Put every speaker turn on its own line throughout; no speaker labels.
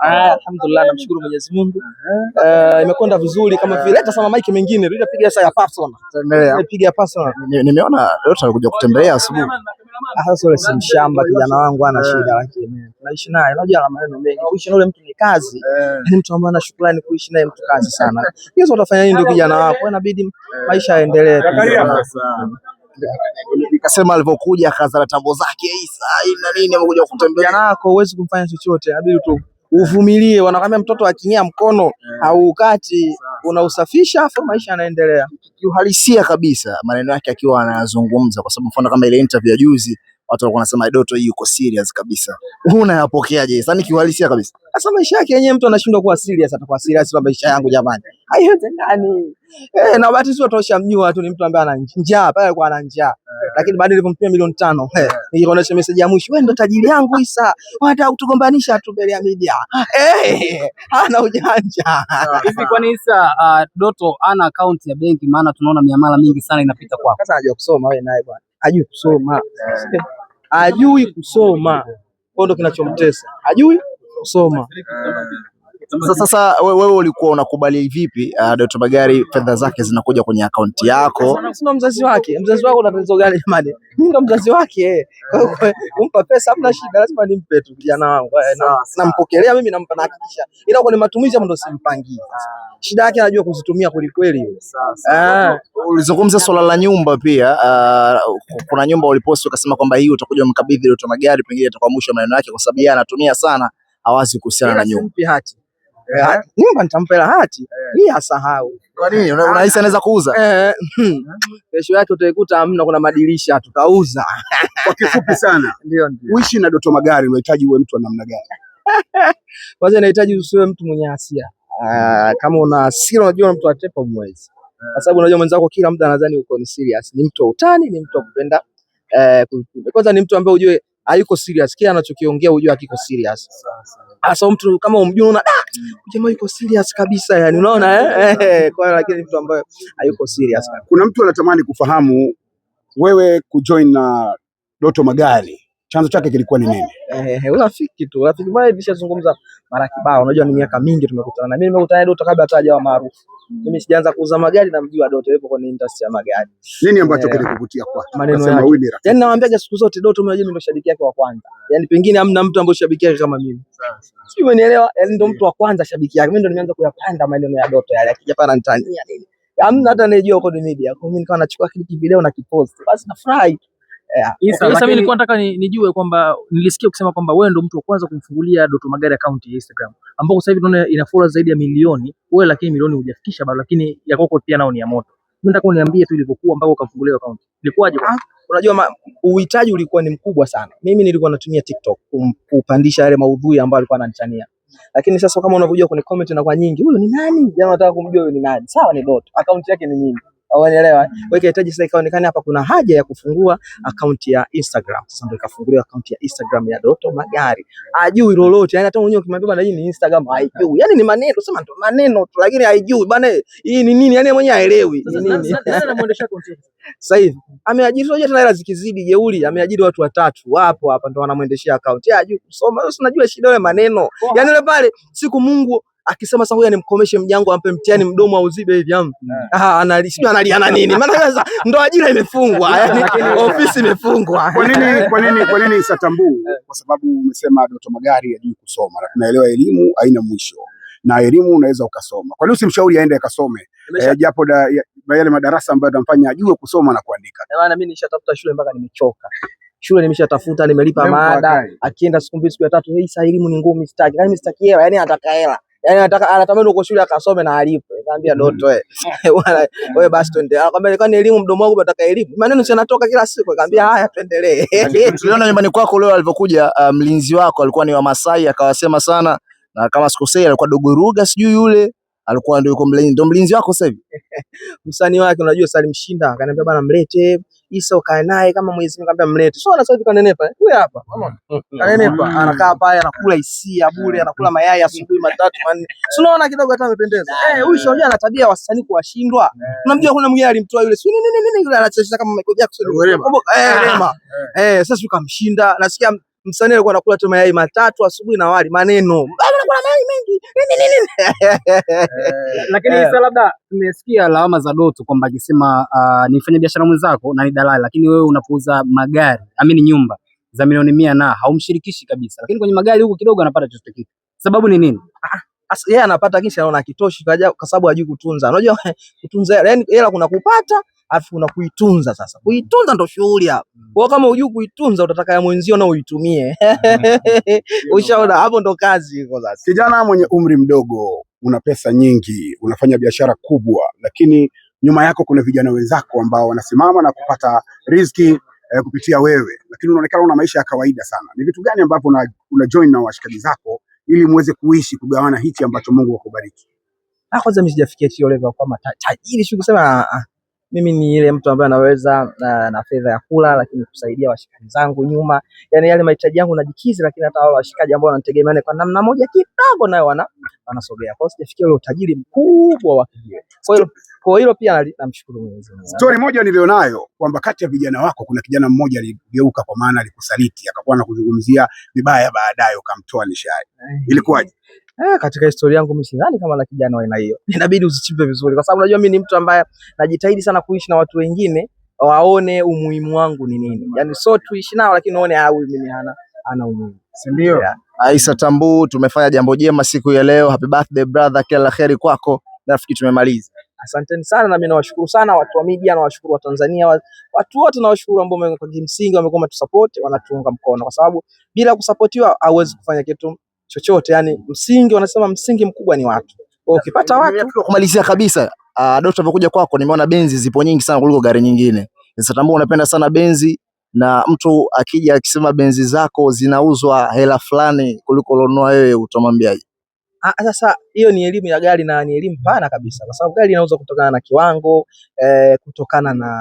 Ah, alhamdulillah namshukuru Mwenyezi Mungu. Uh, imekwenda vizuri kama vile hata sana mike mengine bila piga sasa ya personal. Tuendelea. ya personal.
Nimeona leo tunakuja kutembelea asubuhi.
Ah, sasa yule si mshamba eh. kijana wangu ana shida lakini naishi naye. Unajua ana maneno mengi. Kuishi na yule mtu ni kazi. Eh. ni mtu ambaye ana shukrani kuishi naye mtu kazi sana. Hizo utafanya nini ndio kijana wako? Inabidi maisha yaendelee.
Nikasema alivyokuja akaza tambo zake Isa ina nini amekuja kutembea
Kijana wako huwezi kumfanya chochote. Inabidi tu uvumilie. Wanakwambia mtoto akinyia mkono eh. au ukati unausafisha, afu maisha yanaendelea.
Kiuhalisia kabisa maneno yake akiwa anayazungumza, kwa sababu mfano kama ile interview ya juzi watu walikuwa wanasema Doto hii yuko serious kabisa. Wewe unayapokeaje? Sasa ni kiuhalisia kabisa.
Sasa maisha yake yenyewe mtu anashindwa kuwa serious, atakuwa serious kwa maisha yangu jamani. Haiwezekani. Eh, na bahati sio tosha mjua tu ni mtu ambaye ana njaa, pale alikuwa ana njaa. Lakini baada nilipomtumia milioni tano, eh, nilionyesha message ya mwisho, wewe ndo tajiri yangu Isa. Wanataka kutugombanisha tu mbele ya media. Eh, hana ujanja. Ah, hivi kwa nini Isa ah, Doto ana account ya benki maana tunaona miamala mingi sana inapita kwako.
Sasa anajua kusoma wewe naye bwana.
Ajui kusoma. Eh hajui kusoma, kwa ndo kinachomtesa, hajui kusoma.
Sasa sasa wewe we ulikuwa unakubali vipi uh, Doto Magari fedha zake zinakuja kwenye akaunti yako?
Sina mzazi wake. Mzazi wako una tatizo gani jamani? Mimi ndo mzazi wake. Eh. Kumpa pesa hamna shida, lazima nimpe tu kijana wangu. Eh. Nampokelea mimi, nampa na hakikisha. Ila kwa matumizi hapo ndo simpangii. Ah. Shida yake anajua kuzitumia kweli kweli.
Ah, ulizungumza swala la nyumba pia. Uh, Kuna nyumba uliposti ukasema kwamba hii utakuja mkabidhi Doto Magari, pengine atakuwa mwisho maneno yake kwa sababu yeye anatumia sana, hawazi kuhusiana na nyumba.
hati. Eh, eh, nyumba nitampa hela hati mimi eh. asahau.
Kwa nini? Unahisi ah. anaweza kuuza?
Hmm. Kesho yake utaikuta amna, kuna madirisha tutauza.
Kwa kifupi sana. Ndio ndio. Uishi na Doto Magari unahitaji uwe mtu wa namna gani?
Kwanza inahitaji usiwe mtu mwenye hasira. Ah, kama una hasira unajua mtu atepa mwezi. Kwa sababu unajua mwenzako kila muda anadhani uko ni serious. Ni mtu wa utani, ni mtu wa kupenda eh, kwanza ni mtu ambaye ujue hayuko serious. Kila anachokiongea ujue hakiko serious. Sasa Asa mtu kama umjua una da ah! jamaa yuko serious kabisa yani, unaona eh, eh, eh kwa lakini mtu ambaye hayuko serious.
Kuna mtu anatamani kufahamu wewe kujoin na Doto Magari chanzo chake kilikuwa ni nini?
Eh, eh, eh urafiki tu. Urafiki mbaya tulishazungumza mara kibao. Unajua ni miaka mingi tumekutana. Na mimi nimekutana na Doto kabla hata hajawa maarufu. Mimi sijaanza kuuza magari na mjua Doto yupo kwenye industry ya magari.
Nini ambacho yeah, kilikuvutia kwa? Maneno yake.
Yaani nawaambia siku zote Doto mimi ndio shabiki yake wa kwanza. Yaani pengine hamna mtu ambaye shabiki yake kama mimi. Sio, umeelewa? Yaani ndio mtu wa kwanza shabiki yake. Mimi ndio nimeanza kuyapanda maneno ya Doto yale akija pana nitania nini. Hamna hata anayejua uko media. Kwa mimi nikawa nachukua kile video na kipost. Basi nafurahi. Sasa nilikuwa nataka nijue kwamba nilisikia ukisema kwamba wewe ndo mtu wa kwanza kumfungulia Doto Magari akaunti ya Instagram ambao sasa hivi tunaona ina followers zaidi ya milioni wewe, lakini milioni hujafikisha bado, lakini ya kwako pia nao ni ya moto. Nataka uniambie tu ilivyokuwa mpaka ukafungulia account. Ilikuwaje bwana? Ah,
unajua uhitaji ulikuwa ni mkubwa sana. Mimi nilikuwa natumia TikTok kupandisha yale maudhui ambayo alikuwa ananichania. Lakini sasa kama unavyojua kwenye comment na nyingi, huyu ni nani? Jamaa anataka kumjua huyu ni nani. Sawa ni Doto. Account yake ni nini? Unaelewa? Wewe unahitaji sasa ikaonekane hapa kuna haja ya kufungua akaunti ya Instagram. Sasa ndio ikafunguliwa akaunti ya Instagram ya Doto Magari. Ajui lolote. Yaani hata mwenyewe ukimwambia bwana hii ni Instagram haijui. Yaani ni maneno, sema ndio maneno tu lakini haijui Bana hii ni nini? Yaani mwenyewe haelewi. Ni nini? Sasa hivi ameajiri sio tena hela zikizidi jeuri, ameajiri watu watatu wapo hapa ndio wanamuendeshia akaunti. Ajui kusoma. Sasa unajua shida ile maneno. Yaani yule pale siku Mungu akisema sasa huyu animkomeshe mjango ampe mtihani mdomo auzibe hivi am ah, analia sio na nini? Maana sasa ndo ajira imefungwa, yani ofisi imefungwa. Kwa nini kwa nini kwa nini Satambuu? Kwa sababu umesema Doto Magari hajui kusoma, na tunaelewa elimu haina mwisho na elimu unaweza ukasoma. Kwa nini usimshauri aende akasome eh, japo da, yale madarasa ambayo atamfanya ajue kusoma na kuandika?
Maana eh, mimi nishatafuta shule mpaka nimechoka shule nimeshatafuta, nimelipa mada, akienda siku mbili siku ya tatu, hii saa elimu ni ngumu, mistaki yani sitaki hela yani ataka hela yani anataka anatamani uko shule akasome na alipe. Nikamwambia Doto mm. wewe bwana wewe basi twende. Akamwambia kwani elimu mdomo wangu unataka elimu. Maneno yanatoka kila siku. Nikamwambia haya tuendelee.
Tuliona nyumbani kwako leo alivyokuja ah, mlinzi wako alikuwa ni wa Masai akawasema sana na kama sikosei alikuwa Dogoruga ruga sijui yule alikuwa ndio yuko mlinzi, ndio mlinzi wako sasa hivi.
Msanii wake unajua Salim Shinda akaniambia bana mlete Isa ukae naye kama mwezi nikamwambia mlete. So anasema hivi kanenepa. Eh? Huyu hapa. Kanenepa, mm. anakaa hapa anakula hisia bure, mm. anakula mayai asubuhi matatu manne. Si unaona kidogo hata amependeza. Eh, huyu shauja ana tabia wasanii kuwashindwa. Eh. Unamjua kuna mwingine alimtoa yule. Si nini nini yule anacheza kama Michael Jackson. Eh, ah. Rema. Eh, eh sasa ukamshinda. Nasikia msanii alikuwa anakula tu mayai matatu asubuhi na wali maneno. Lakini eh. sasa labda tumesikia lawama za Doto kwamba akisema uh, ni mfanyabiashara mwenzako na ni dalali, lakini wewe unapouza magari amini nyumba za milioni mia na haumshirikishi kabisa, lakini kwenye magari huko kidogo anapata chochote kitu. Sababu ni nini? Ah, yeye anapata kisha anaona kitoshi, kwa sababu hajui kutunza. Unajua kutunza, yani hela kuna kupata alafu kuna kuitunza sasa. Kuitunza ndo shughuli hapo. Mm. Kwa kama hujui kuitunza utataka ya mwenzio na uitumie. Ushaona hapo ndo kazi iko sasa.
Kijana mwenye umri mdogo, una pesa nyingi, unafanya biashara kubwa, lakini nyuma yako kuna vijana wenzako ambao wanasimama na kupata riziki eh, kupitia wewe, lakini unaonekana una maisha ya kawaida sana. Ni vitu gani ambavyo una, una join na washikaji zako ili muweze kuishi kugawana hichi ambacho Mungu akubariki?
Ah, kwanza mimi sijafikia hiyo level kwamba tajiri sio kusema ah, ah, mimi ni ile mtu ambaye anaweza na, na fedha ya kula, lakini kusaidia washikaji zangu nyuma, yani yale mahitaji yangu najikizi, lakini hata wale washikaji ambao wanategemeana kwa namna moja kidogo, nayo wana wanasogea. Kwa hiyo sijafikia ule utajiri mkubwa wa kijiwe. Kwa hiyo kwa hilo pia namshukuru Mwenyezi Mungu.
Story moja nilionayo kwamba kati ya vijana wako kuna kijana mmoja aligeuka, kwa maana alikusaliti, akakuwa anakuzungumzia vibaya, baadaye ukamtoa nishai, eh, ilikuwaje?
Eh, katika historia yangu mimi sidhani kama na kijana wa aina hiyo. Inabidi usichimbe vizuri kwa sababu unajua mimi ni mtu ambaye najitahidi sana kuishi na watu wengine waone umuhimu wangu ni nini. Yaani so tuishi nao lakini waone ah, huyu mimi hana ana umuhimu.
Si ndio? Yeah. Aisa Tambu, tumefanya jambo jema siku ya leo. Happy birthday brother, kila la kheri kwako. Nafikiri tumemaliza.
Asanteni sana na mimi nawashukuru sana watu wa media, nawashukuru wa Tanzania, watu wote nawashukuru ambao kwa kimsingi wamekuwa wanatusupport, wanatuunga mkono kwa sababu bila kusupportiwa hauwezi kufanya kitu chochote. Yani msingi wanasema msingi mkubwa ni watu. Kwa ukipata watu,
kumalizia kabisa, ah, Doto amekuja kwako, nimeona benzi zipo nyingi sana kuliko gari nyingine. Sasa tambua unapenda sana benzi na mtu akija akisema benzi zako zinauzwa hela fulani kuliko lonua wewe utamwambiaje?
Ah, sasa hiyo ni elimu ya gari na ni elimu pana kabisa, kwa sababu gari inauzwa kutokana na kiwango eh, kutokana na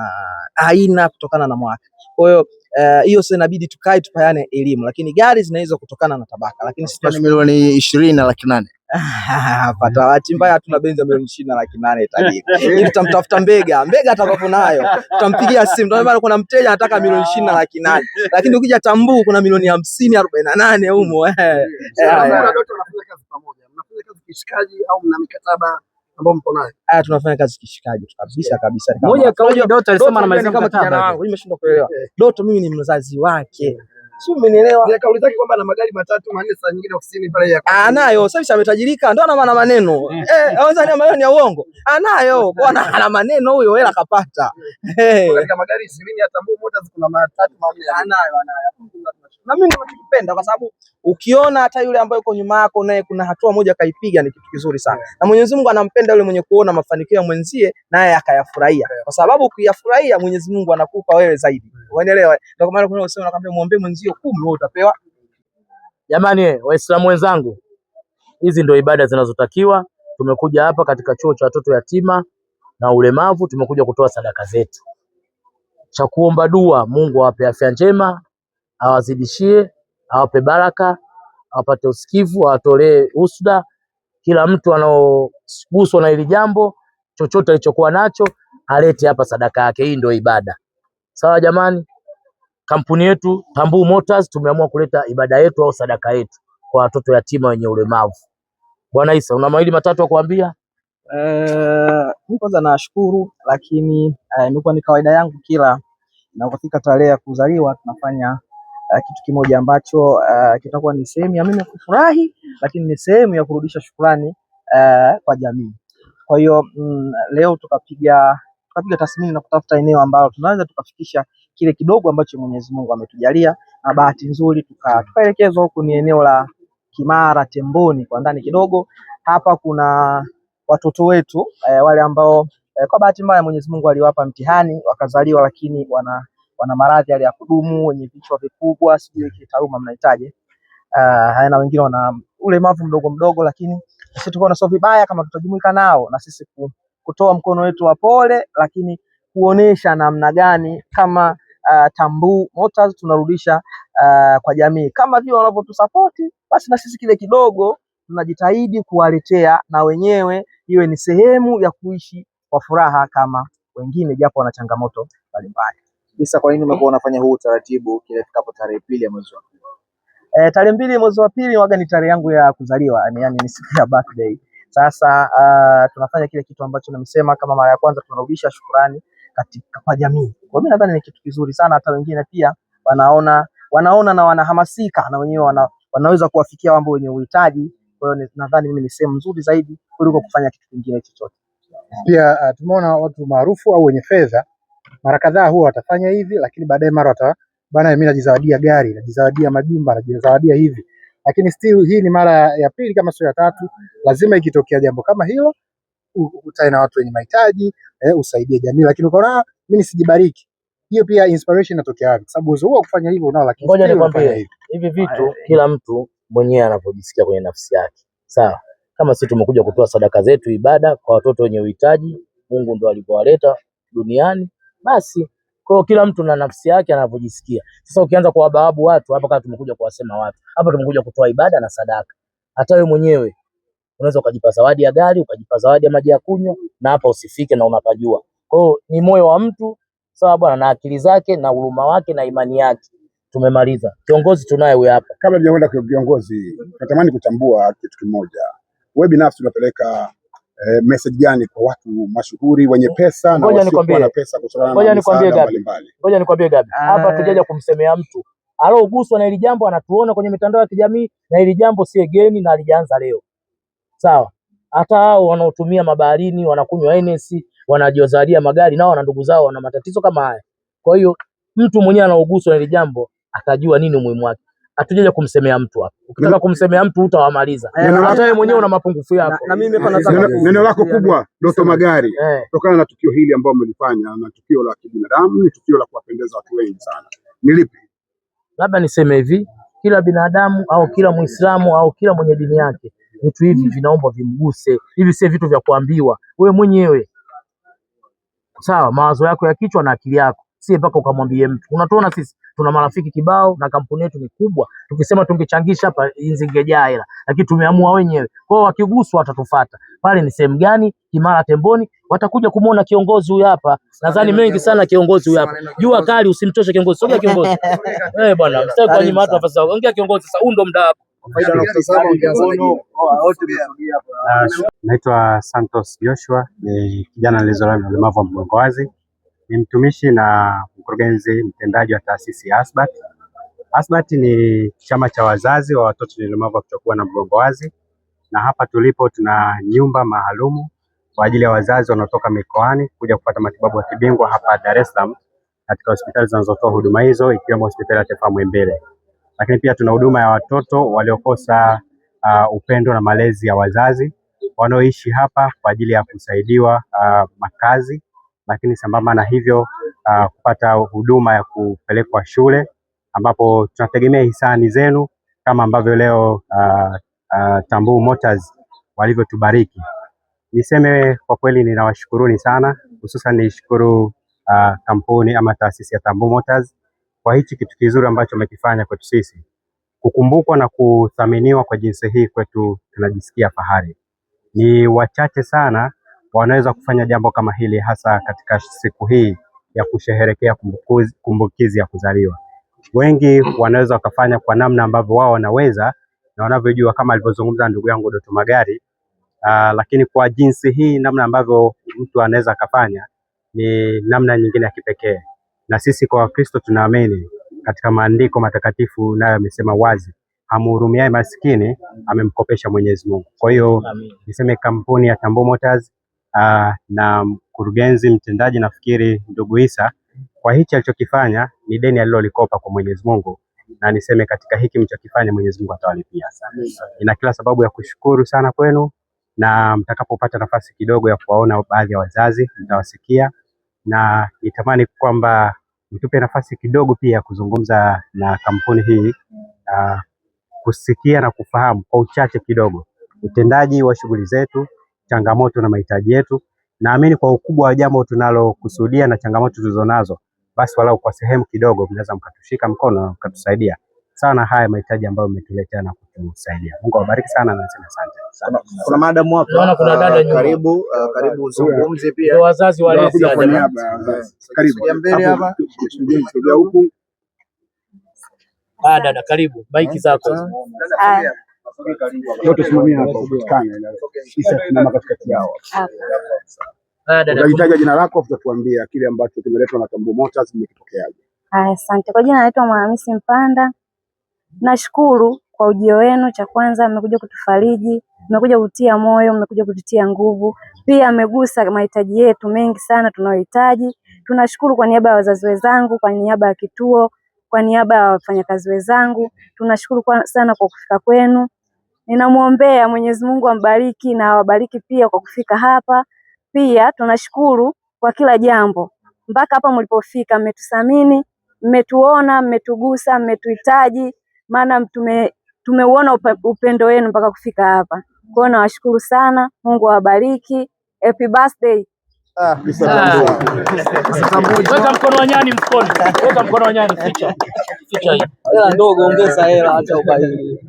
aina, kutokana na mwaka. Kwa hiyo Eh, hiyo uh, sasa inabidi tukae tupayane elimu, lakini gari zinaweza kutokana na tabaka, lakini sisi
yaani milioni ishirini na laki nane
pata bahati mbaya, hatuna benzi ya milioni ishirini na laki nane tajiri hivi. Tutamtafuta Mbega, Mbega atakapo nayo tutampigia simu, tunaambia kuna mteja anataka milioni ishirini na laki nane lakini ukija Tambuu kuna milioni hamsini arobaini na nane humo. Eh, eh,
mnafanya kazi pamoja, mnafanya kazi kishikaji au mna mikataba ambao mko naye.
Ah, tunafanya kazi kishikaji kabisa kabisa. Moja kauli Doto alisema na mazingira kama kijana wangu, nimeshindwa kuelewa. Doto mimi ni mzazi wake. Sio, umenielewa? Ile
kauli zake kwamba ana magari matatu manne, saa nyingine ofisini pale ya
ah, anayo. Sasa hivi ametajirika, ndio ana maana maneno. Eh, anaweza ni maneno ya uongo. Anayo, bwana ana maneno huyo, hela kapata. Eh.
Katika magari 20 hata mbona kuna matatu manne
anayo anayo na mimi ninachokipenda kwa sababu ukiona hata yule ambaye yuko nyuma yako naye kuna hatua moja kaipiga, ni kitu kizuri sana, na Mwenyezi Mungu anampenda yule mwenye kuona mafanikio ya mwenzie naye akayafurahia, kwa sababu ukiyafurahia Mwenyezi Mungu anakupa wewe zaidi, unaelewa? Ndio kwa maana kuna usema nakwambia, muombe mwenzio kumi wewe utapewa.
Jamani Waislamu wenzangu, hizi ndio ibada zinazotakiwa. Tumekuja hapa katika chuo cha watoto yatima na ulemavu, tumekuja kutoa sadaka zetu, cha kuomba dua Mungu awape afya njema awazidishie, awape baraka, awapate usikivu, awatolee usuda kila mtu anaoguswa na hili jambo, chochote alichokuwa nacho alete hapa sadaka yake. Hii ndio ibada. Sawa jamani, kampuni yetu Tambuu Motors tumeamua kuleta ibada yetu au sadaka yetu kwa watoto yatima wenye ulemavu. Bwana Isa, una mawili matatu ya kuambia?
Eh, mimi kwanza nashukuru, lakini eh, imekuwa eh, ni kawaida yangu kila inapofika tarehe ya kuzaliwa tunafanya Eh, kitu kimoja ambacho uh, kitakuwa ni sehemu ya mimi kufurahi, lakini ni sehemu ya kurudisha shukrani uh, kwa jamii. Kwa hiyo mm, leo tukapiga tukapiga tathmini na kutafuta eneo ambalo tunaweza tukafikisha kile kidogo ambacho Mwenyezi Mungu ametujalia, na bahati nzuri tukaelekezwa huku ni eneo la Kimara Temboni kwa ndani kidogo. Hapa kuna watoto wetu eh, wale ambao eh, kwa bahati mbaya Mwenyezi Mungu aliwapa mtihani wakazaliwa, lakini wana wana maradhi yale ya kudumu, wenye vichwa vikubwa, sijui kitaaluma mnahitaji uh, na wengine wana ulemavu mdogo mdogo, lakini sisi tukaona sio vibaya kama tutajumuika nao na sisi kutoa mkono wetu wa pole, lakini kuonesha namna gani kama uh, ah, Tambuu Motors tunarudisha uh, kwa jamii kama vile wanavyotusapoti, basi na sisi kile kidogo tunajitahidi kuwaletea na wenyewe iwe ni sehemu ya kuishi kwa furaha kama wengine, japo wana changamoto mbalimbali.
Isa, kwa nini umekuwa unafanya huu utaratibu kile ifikapo tarehe pili ya mwezi wa pili?
Eh, tarehe mbili mwezi wa pili waga ni tarehe yangu ya kuzaliwa, yani ni siku ya birthday. Sasa uh, tunafanya kile kitu ambacho nimesema kama mara ya kwanza, tunarudisha shukurani katika kwa jamii. Kwa mimi nadhani ni kitu kizuri sana, hata wengine pia wanaona wanaona na wanahamasika na wenyewe wana, wanaweza kuwafikia wambo wenye uhitaji. Kwa hiyo nadhani mimi ni sehemu nzuri zaidi kuliko kufanya kitu kingine chochote.
Pia uh, tumeona watu maarufu au wenye fedha mara kadhaa huwa watafanya hivi, lakini baadaye mara wata bana, mimi najizawadia gari, najizawadia majumba, najizawadia hivi, lakini still hii ni mara ya pili kama sio ya tatu. Lazima ikitokea jambo kama hilo ukutane na watu wenye mahitaji eh, usaidie jamii, lakini ukaona mimi sijibariki, hiyo pia inspiration inatokea wapi? Kwa sababu uwezo wa kufanya hivyo unao, lakini ngoja
nikwambie hivi vitu, kila mtu mwenyewe anavyojisikia kwenye nafsi yake, sawa. Kama sisi tumekuja kutoa sadaka zetu, ibada kwa watoto wenye uhitaji, Mungu ndo alipowaleta duniani basi kwa kila mtu na nafsi yake anavyojisikia. Sasa ukianza kuwababu watu hapa, kama tumekuja kuwasema watu hapa, tumekuja kutoa ibada na sadaka. Hata wewe mwenyewe unaweza ukajipa zawadi ya gari, ukajipa zawadi ya maji ya kunywa, na hapa usifike na unapajua. Kwa hiyo ni moyo wa mtu sawa bwana, na akili zake na huruma wake na imani yake. Tumemaliza kiongozi, tunaye huyu hapa.
Kabla tujaenda kwa kiongozi, natamani kutambua kitu kimoja. Wewe binafsi unapeleka eh, message gani kwa watu mashuhuri wenye pesa na wasiokuwa na pesa kutokana
na mbalimbali? Ngoja nikwambie Gabi, ah. hapa tujaja kumsemea mtu aloguswa na hili jambo, anatuona kwenye mitandao ya kijamii na hili jambo si geni na alijaanza leo, sawa. Hata hao wanaotumia mabaharini, wanakunywa NS, wanajozalia magari, nao wana ndugu zao wana matatizo kama haya. Kwa hiyo mtu mwenyewe anaoguswa na hili jambo atajua nini umuhimu wake hatujaja kumsemea mtu hapa. Ukitaka kumsemea mtu utawamaliza, hata wewe mwenyewe una mapungufu yako.
Na mimi hapa nataka neno lako kubwa, Doto Magari, eh. kutokana na tukio hili ambalo umelifanya na tukio la kibinadamu, ni tukio la kuwapendeza watu wengi sana, nilipi
labda niseme hivi, kila binadamu au kila Muislamu au kila mwenye dini yake, vitu hivi vinaomba vimguse. Hivi si vitu vya kuambiwa, wewe mwenyewe sawa, mawazo yako ya kichwa na akili yako si mpaka ukamwambie mtu. Unatuona sisi tuna marafiki kibao na kampuni yetu ni kubwa, tukisema tungechangisha hapa zingejaa hela, lakini tumeamua wenyewe. Kwa hiyo wakiguswa watatufuata. Pale ni sehemu gani? Kimara Temboni, watakuja kumuona kiongozi huyu hapa. Nadhani mengi sana kiongozi huyu hapa. Jua kali, usimtoshe kiongozi. Sogea kiongozi. Eh bwana, msitaki kwa nyuma watu wafasa. Ongea kiongozi sasa, huu ndo muda wako.
Ah, Naitwa Santos Joshua, ni kijana nilizaliwa na ulemavu wa mgongo wazi. Ni mtumishi na mkurugenzi mtendaji wa taasisi ya ASBAT. ASBAT ni chama cha wazazi wa watoto wenye ulemavu wa kutokuwa na mgongo wazi, na hapa tulipo tuna nyumba maalumu kwa ajili ya wazazi wanaotoka mikoani kuja kupata matibabu ya kibingwa hapa Dar es Salaam katika hospitali zinazotoa huduma hizo ikiwemo hospitali ya Taifa Muhimbile. Lakini pia tuna huduma ya watoto waliokosa uh, upendo na malezi ya wazazi wanaoishi hapa kwa ajili ya kusaidiwa uh, makazi lakini sambamba na hivyo uh, kupata huduma ya kupelekwa shule ambapo tunategemea hisani zenu kama ambavyo leo uh, uh, Tambuu Motors walivyotubariki. Niseme kwa kweli ninawashukuruni sana, hususan nishukuru uh, kampuni ama taasisi ya Tambuu Motors kwa hichi kitu kizuri ambacho wamekifanya kwetu sisi. Kukumbukwa na kuthaminiwa kwa jinsi hii kwetu tunajisikia fahari. Ni wachache sana wanaweza kufanya jambo kama hili, hasa katika siku hii ya kusherehekea kumbukizi, ya kuzaliwa. Wengi wanaweza wakafanya kwa namna ambavyo wao wanaweza na wanavyojua, kama alivyozungumza ndugu yangu Doto Magari. Aa, ah, lakini kwa jinsi hii, namna ambavyo mtu anaweza akafanya ni namna nyingine ya kipekee, na sisi kwa Wakristo tunaamini katika maandiko matakatifu, nayo amesema wazi, amhurumiaye maskini amemkopesha Mwenyezi Mungu. Kwa hiyo niseme kampuni ya Tambo Motors uh, na mkurugenzi mtendaji nafikiri ndugu Isa kwa hichi alichokifanya ni deni alilolikopa kwa Mwenyezi Mungu, na niseme katika hiki mlichokifanya Mwenyezi Mungu atawalipia sana. Ina kila sababu ya kushukuru sana kwenu, na mtakapopata nafasi kidogo ya kuwaona baadhi ya wazazi mtawasikia, na nitamani kwamba mtupe nafasi kidogo pia ya kuzungumza na kampuni hii uh, kusikia na kufahamu kwa uchache kidogo utendaji wa shughuli zetu changamoto na mahitaji yetu. Naamini kwa ukubwa wa jambo tunalokusudia na changamoto tulizonazo, basi walau kwa sehemu kidogo mnaweza mkatushika mkono na mkatusaidia sana haya mahitaji ambayo umetuletea na kutusaidia. Mungu awabariki sana na nasema asante.
Kuna madam hapa. Naona kuna dada
nyuma. Karibu, uh, karibu uzungumze pia. Ndio wazazi wale hapa. Uh, karibu. Ya
Mbele hapa. Huku. Ah, dada karibu. Baiki zako. Ah
leo hapa upatikane katikati yao. Utahitaji jina lako tutakuambia kile ambacho kimeletwa na Tambo Motors
Haya, asante kwa jina. Naitwa Mwanamisi Mpanda. Nashukuru kwa ujio wenu. Cha kwanza mmekuja kutufariji, mmekuja kutia moyo, mmekuja kututia nguvu, pia amegusa mahitaji yetu mengi sana tunayohitaji. Tunashukuru kwa niaba ya wazazi wenzangu, kwa niaba ya kituo, kwa niaba ya wafanyakazi wenzangu, tunashukuru sana kwa kufika kwenu. Ninamwombea Mwenyezi Mungu ambariki na awabariki pia kwa kufika hapa. Pia tunashukuru kwa kila jambo mpaka hapa mlipofika, mmetuthamini, mmetuona, mmetugusa, mmetuhitaji, maana tume tumeuona upendo wenu mpaka kufika hapa. Kwa hiyo nawashukuru sana, Mungu awabariki. Happy birthday.
Weka mkono wa nyani mfukoni, weka mkono wa nyani, ficha ficha hii
hela ndogo, ongeza hela, acha ubaili.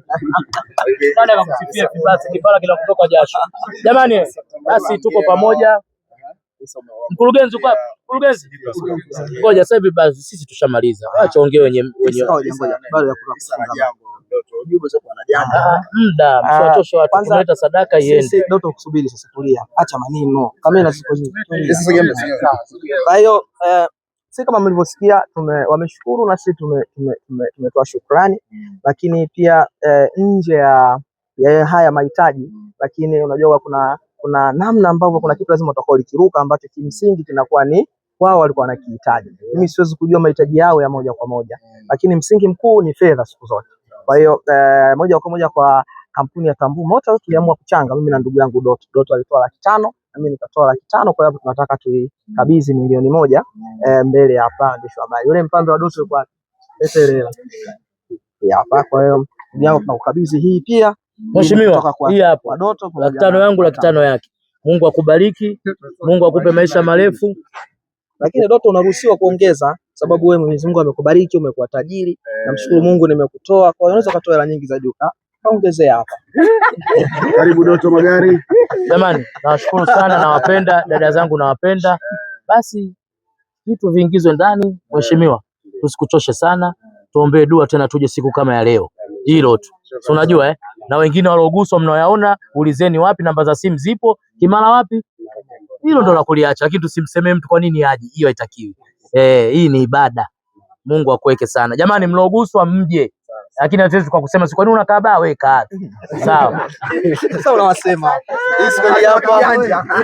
Nani akakusifia kibasi, kipara kinakutoka jasho. Jamani, basi tuko pamoja. Mkurugenzi uko Mkurugenzi, ngoja sasa hivi basi, sisi tushamaliza, ah. acha ongee wenye wenye ah. ah, muda watu, sadaka iende.
sasa, tulia, acha maneno kamera.
Kwa hiyo eh, si kama mlivyosikia, wameshukuru na sisi tumetoa shukrani, mm. lakini pia eh, nje ya haya mahitaji, mm. lakini unajua kuna kuna namna ambavyo kuna kitu lazima utakuwa ulikiruka ambacho kimsingi kinakuwa ni wao walikuwa wanakihitaji. Mm. Mimi siwezi kujua mahitaji yao ya moja kwa moja, lakini msingi mkuu ni fedha siku zote. Kwa hiyo eh, moja kwa moja kwa kampuni ya Tambuu Motors tuliamua kuchanga, mimi na ndugu yangu Doto. Doto alitoa laki tano na mimi nikatoa laki tano. Kwa hiyo tunataka tuikabidhi mm. milioni moja eh, mbele ya hapa ndio habari. Yule mpando wa Doto alikuwa pesa ile hapa. Kwa hiyo ndio tunakukabidhi hii pia
Mheshimiwa, hii hapo laki tano yangu, laki tano yake. Mungu akubariki, Mungu akupe maisha marefu.
Lakini Doto, unaruhusiwa kuongeza sababu wewe Mwenyezi Mungu amekubariki, umekuwa tajiri. Namshukuru eh. Mungu nimekutoa, kwa hiyo unaweza kutoa hela nyingi za juu. Ah, kaongezea hapa.
Karibu Doto Magari.
Jamani, nawashukuru sana, nawapenda dada zangu, nawapenda. Basi vitu viingizwe ndani, Mheshimiwa, tusikuchoshe sana, tuombee dua tena, tuje siku kama ya leo. Hilo tu, si unajua eh? na wengine walioguswa mnaoyaona, ulizeni wapi, namba za simu zipo, Kimara wapi. Hilo ndo la kuliacha, lakini tusimsemee mtu kwa nini aje, hiyo haitakiwi. Eh, hii ni ibada. Mungu akuweke sana jamani, mloguswa mje, lakini hatuwezi kwa kusema si kwa nini unakaa baa, weka sawa. Sasa unawasema hii siku hapa